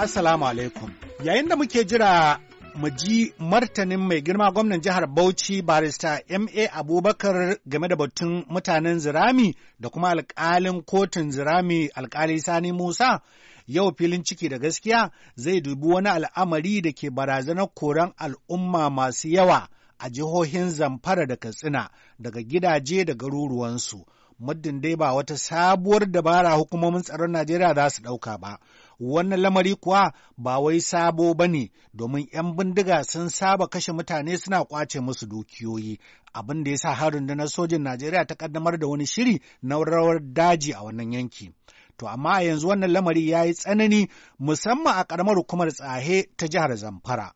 Assalamu alaikum. Yayin da muke jira mu ji martanin mai girma gwamnan jihar Bauchi barista MA Abubakar game da batun mutanen Zirami da kuma alƙalin kotun Zirami alkali Sani Musa yau filin ciki da gaskiya zai dubi wani al'amari da ke barazanar koran al'umma masu yawa a jihohin Zamfara da Katsina daga gidaje da garuruwansu. Muddin dai ba wata sabuwar dabara hukumomin tsaron Najeriya za su ɗauka ba. Wannan lamari kuwa ba wai sabo ba ne domin 'yan bindiga sun saba kashe mutane suna kwace musu dukiyoyi. Abin da ya sa har rundunar sojin Najeriya ta kaddamar da wani shiri na rawar daji a wannan yanki. To amma yanzu wannan lamari ya yi tsanani musamman a ƙaramar hukumar tsahe ta jihar Zamfara.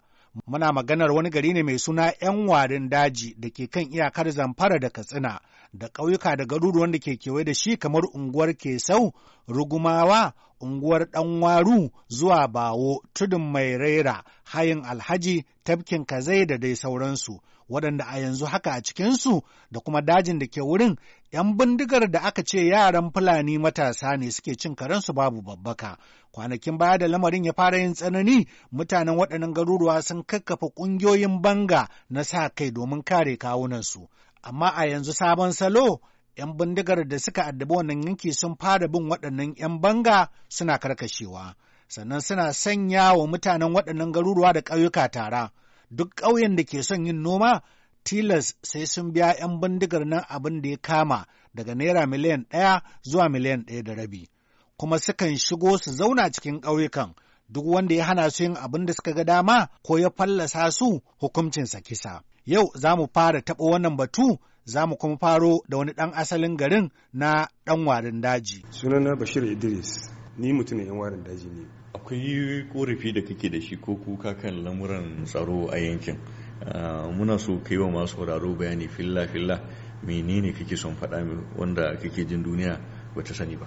Muna maganar wani gari ne mai suna 'yan warin daji da ke kan iyakar zamfara da katsina da ƙauyuka da garuruwan da ke kewaye da shi kamar unguwar Kesau, Rugumawa, unguwar Ɗanwaru zuwa Bawo, Tudun Mai Raira, Hayin Alhaji, Tafkin Kazai da dai sauransu. waɗanda a yanzu haka a cikinsu da kuma dajin da ke wurin 'yan bindigar da aka ce yaran Fulani matasa ne suke cin karensu babu babbaka. Kwanakin baya da lamarin ya fara yin tsanani, mutanen waɗannan garuruwa sun kakkafa ƙungiyoyin banga na sa kai domin kare kawunansu. Amma a yanzu sabon salo, 'yan bindigar da suka addabi wannan yanki sun fara bin waɗannan 'yan banga suna karkashewa. Sannan suna sanya wa mutanen waɗannan garuruwa da ƙauyuka tara. duk ƙauyen da ke son yin noma tilas sai sun biya 'yan bindigar nan abin da ya kama daga naira miliyan ɗaya zuwa miliyan ɗaya da rabi kuma sukan shigo su zauna cikin ƙauyukan duk wanda ya hana su yin abin da suka ga dama ko ya fallasa su hukuncinsa kisa yau za mu fara taɓa wannan batu za mu kuma faro da wani ɗan asalin garin na ɗan warin daji sunana bashir idris ni mutumin yan warin daji ne akwai korafi da kake da shi ko kuka kan lamuran tsaro a yankin ah, muna so kai wa masu sauraro bayani filla filla menene kake son faɗa wanda kake jin duniya bata sani ba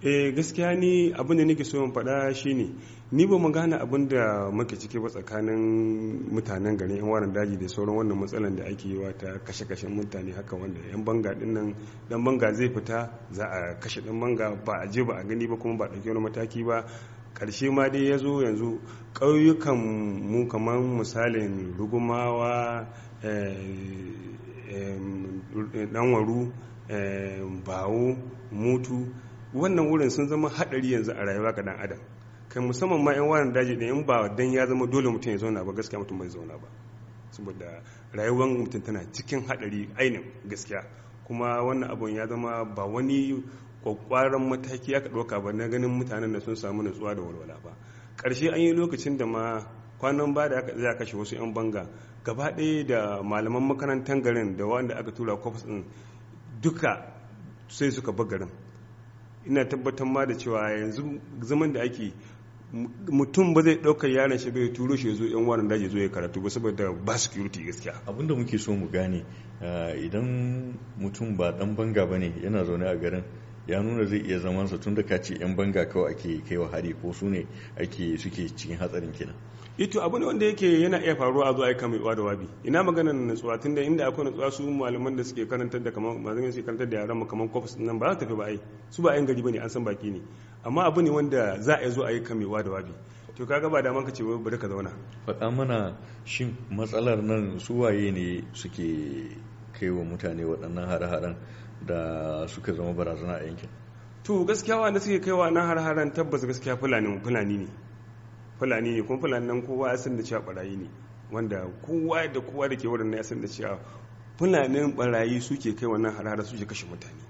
eh gaskiya ni abin da nake so in faɗa shine ni ba mu gane abin da muke ciki ba tsakanin mutanen garin yan waran daji da sauran wannan matsalan da ake yiwa ta kashe-kashen mutane haka wanda yan banga din nan dan banga zai fita za a kashe dan banga ba a je ba a gani ba kuma ba a wani mataki ba karshe ma dai ya zo yanzu ƙauyukan mu kamar misalin rugumawa eh, eh, ɗanwaru eh, bawo mutu wannan wurin sun zama haɗari yanzu a rayuwa ga dan adam kai musamman ma 'yan warin daji da in ba dan ya zama dole mutum ya zauna ba gaskiya mutum bai zauna ba saboda rayuwar mutum tana cikin haɗari ainihin gaskiya kuma wannan abun ya zama ba wani kwakwaran mataki aka ɗauka ba na ganin mutanen da sun samu nutsuwa da walwala ba ƙarshe an yi lokacin da ma kwanan ba da za kashe wasu 'yan banga gaba ɗaya da malaman makarantar garin da wanda aka tura kwafis ɗin duka sai suka bar garin ina tabbatar ma da cewa yanzu zaman da ake mutum ba zai ɗaukar yaron shi bai turo shi ya zo yan wani daji zo ya karatu ba saboda ba security gaskiya abinda muke so mu gane eh, idan mutum ba dan banga ba ne yana zaune a garin ya nuna zai iya zamansa tun da ka ce 'yan banga kawai ake kaiwa hari ko su ne ake suke cikin hatsarin kenan ito eh abu ne wanda yake yana iya faruwa a zuwa aika mai da wabi ina maganar nutsuwa tun da inda akwai nutsuwa su malaman da suke karantar da kamar ba zai karantar da yaran mu kamar kofis nan ba za ta tafi ba ai su ba ayin gari bane an san baki ne amma abu ne wanda za a yi zo aika mai kamewa da wabi to kaga ba daman ka ce bari ka zauna faɗa mana shin matsalar nan su waye ne suke kai wa mutane waɗannan hare-haren da suka zama barazana a yankin to gaskiya wanda suke kaiwa nan har haran tabbas gaskiya fulani fulani ne fulani ne kuma fulani nan kowa ya san da cewa barayi ne wanda kowa da kowa da ke wurin ya san da cewa fulanin barayi suke kai har haran suke kashe mutane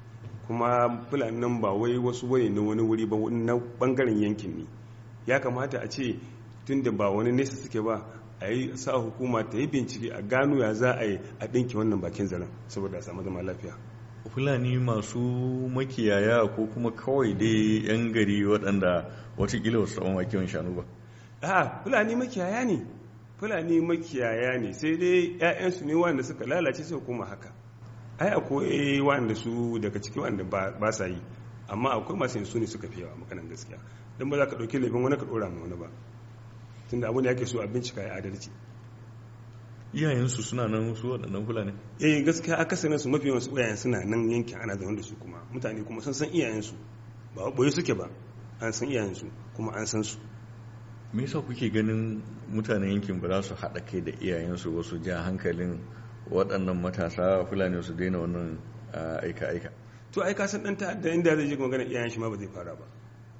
kuma fulani nan ba wai wasu wani na wani wuri ba na bangaren yankin ne ya kamata a ce tunda ba wani nesa suke ba a yi sa hukuma ta yi bincike a gano ya za a yi a ɗinke wannan bakin zaren saboda a samu zama lafiya fulani masu makiyaya ko kuma kawai dai 'yan gari waɗanda watakila wasu tsawon makiyon shanu ba a fulani makiyaya ne fulani makiyaya ne sai dai 'ya'yansu ne wanda suka lalace sai kuma haka ai akwai wanda su daga ciki wanda ba sa yi amma akwai masu yin su suka fi yawa makanan gaskiya don ba za ka ɗauki laifin wani ka ɗora ma wani ba tunda abin da ake so a bincika ya adalci iyayensu suna nan su waɗannan fulani eh gaskiya akasarin su mafi wasu iyayen suna nan yankin ana zaune da su kuma mutane kuma sun san iyayensu ba boye suke ba an san iyayensu kuma an san su me yasa kuke ganin mutanen yankin ba za su haɗa kai da iyayensu ba su ja hankalin waɗannan matasa fulani su daina wannan aika-aika to aika san ɗan ta'adda inda zai je kuma ganin iyayen shi ma ba zai fara ba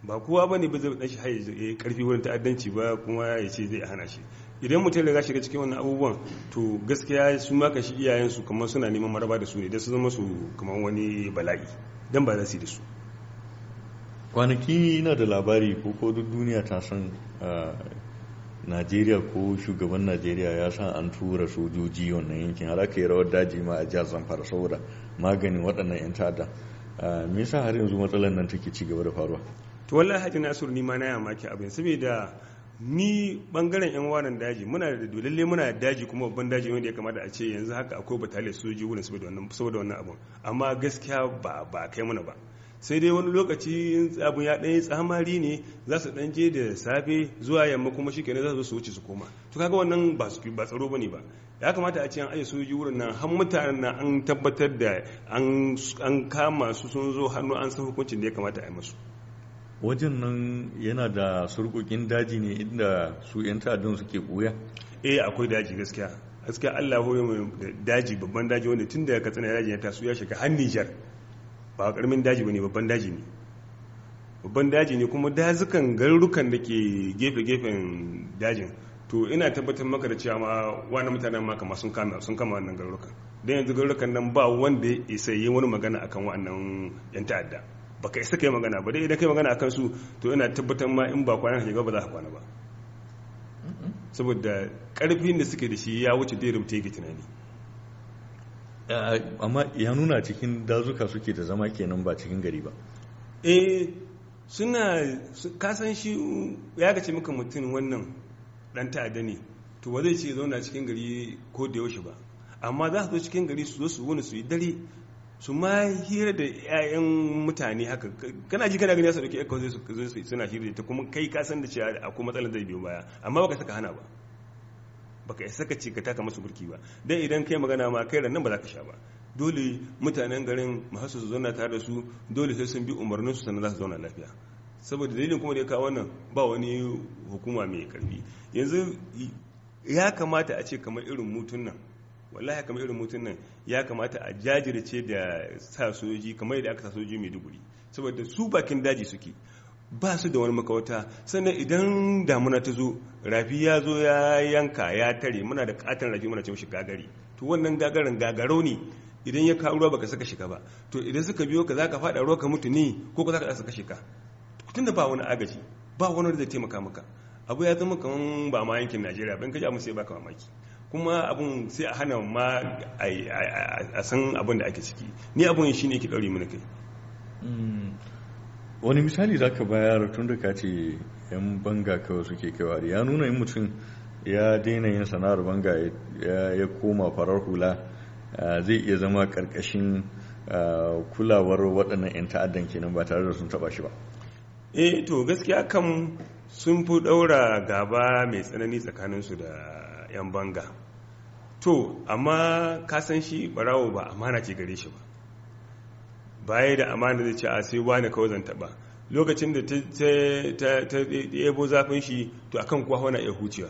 ba kowa bane ba zai ɗan shi haye karfi wurin ta'addanci ba kuma ya ce zai hana shi idan mutum ya za shiga cikin wannan abubuwan to gaskiya su maka shi iyayensu kamar suna neman maraba da su ne da su zama su kamar wani bala'i don ba za su yi da su kwanaki na da labari ko ko duk duniya ta san najeriya ko shugaban najeriya ya san an tura sojoji wannan yankin har aka yi rawar daji ma a jihar zamfara saboda maganin waɗannan 'yan ta'adda me yasa har yanzu matsalar nan take ci gaba da faruwa to wallahi hajji nasiru ni ma na yamaki abin saboda ni bangaren yan wanan daji muna da dolalle muna da daji kuma babban daji wanda ya kamata a ce yanzu haka akwai batalin soji wurin saboda wannan abun amma gaskiya ba ba kai muna ba sai dai wani lokaci abun ya ɗanyi tsamari ne za su ɗan je da safe zuwa yamma kuma shi kenan za su wuce su koma to kaga wannan ba su ba tsaro bane ba ya kamata a ce an aje soji wurin nan har mutanen nan an tabbatar da an kama su sun zo hannu an san hukuncin da ya kamata a yi musu wajen nan yana da surkokin daji ne inda su 'yan ta'addan suke koya eh akwai daji gaskiya gaskiya allah hoyo mai daji babban daji wanda tun daga katsina daji ya taso ya shiga har nijar ba karamin daji ba ne babban daji ne babban daji ne kuma dazukan garurukan da ke gefe-gefen dajin to ina tabbatar maka da cewa ma wani mutanen ma sun kama sun kama wannan garurukan don yanzu garurukan nan ba wanda ya isa yi wani magana akan wa'annan yan ta'adda baka isa kai magana ba dai idan kai magana akan su to ina tabbatar ma in ba kwana ka ba za ka kwana ba saboda karfin da suke da shi ya wuce dai rubuta ga tunani eh, amma ya nuna cikin dazuka suke da zama kenan ba cikin gari ba eh suna kasan shi ya gace maka mutum wannan dan ta'adda ne to ba zai ce zauna cikin gari ko da yaushe ba amma za su zo cikin gari su zo su wuni su yi dare su ma hira da 'ya'yan mutane haka kana ji kana gani su dauki ekon zai suna hira ta kuma kai ka san da cewa akwai matsalar zai biyo baya amma baka saka hana ba baka yi saka ce ka taka masu burki ba dan idan kai magana ma kai ran nan ba za ka sha ba dole mutanen garin mahasu su zauna tare da su dole sai sun bi umarnin su sannan za su zauna lafiya saboda dalilin kuma da ya kawo wannan ba wani hukuma mai karfi yanzu ya kamata a ce kamar irin mutun nan wallahi kamar irin mutum nan ya kamata a jajirce da sa sojoji kamar yadda aka sa sojoji maiduguri saboda su bakin daji suke ba su da wani makawata sannan idan damuna ta zo rafi ya zo ya yanka ya tare muna da katon rafi muna ce mashi gagari to wannan gagarin gagaro ne idan ya kawo ruwa baka saka shiga ba to idan suka biyo ka zaka fada ruwa ka mutu ne ko ka zaka saka shiga Tun da ba wani agaji ba wani da zai taimaka maka abu ya zama kaman ba ma yankin Najeriya ban kaji amma sai baka mamaki kuma abun sai a hana ma a san abin da ake ciki ni abun shi ne ke ɗauri mana kai hmm. wani misali za ka bayar tun da ka ce 'yan banga kawai suke kaiwa ya nuna yin mutum ya daina yin sana'ar banga ya koma farar hula zai iya zama karkashin kulawar waɗannan 'yan ta'addan kenan ba tare da sun taɓa shi ba eh to gaskiya kan sun fi ɗaura gaba mai tsanani tsakaninsu da 'yan banga to amma kasan shi barawo ba amana ce gare shi ba baya da amana zai ce a sai wani kawai zan ba, lokacin da ta ebo zafin shi to akan kuwa wana iya hucewa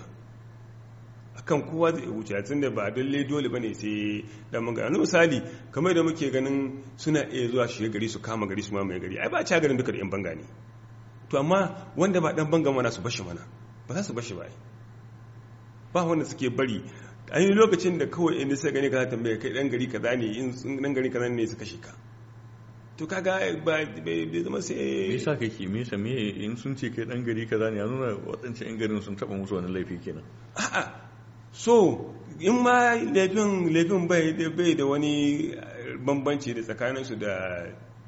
akan kowa zai wuce tun da ba dalle dole bane sai dan mun gani misali kamar da muke ganin suna iya zuwa shi gari su kama gari su mamaye mai gari ai ba cha garin duka da yan banga ne to amma wanda ba dan banga mana su bashi mana ba za su bashi ba ai ba wanda suke bari a yi lokacin da kawai inda sai gani ka tambaya kai dan gari kaza ne in dan gari kaza ne suka shika to kaga ba bai zama sai me yasa kake me yasa me in sun ce kai dan gari kaza ne ya nuna wadancan yan garin sun taba musu wani laifi kenan a'a so in ma laifin laifin bai da wani bambanci da tsakaninsu da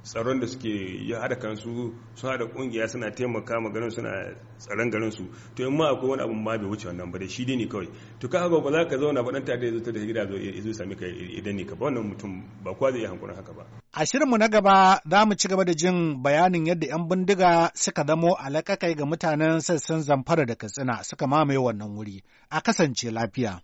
tsaron da suke ya hada kansu sun hada kungiya suna taimaka ma garin suna tsaron garin su to in ma akwai wani abun ma bai wuce wannan ba da shi dai ne kawai to ka haka ba za ka zauna ba dan ta da yazo ta gida zo zo sami ka idan ne ka ba wannan mutum ba kwa zai yi hankurin haka ba a shirinmu na gaba za mu ci gaba da jin bayanin yadda yan bindiga suka zamo alakakai ga mutanen sassan zamfara da katsina suka mamaye wannan wuri a kasance lafiya.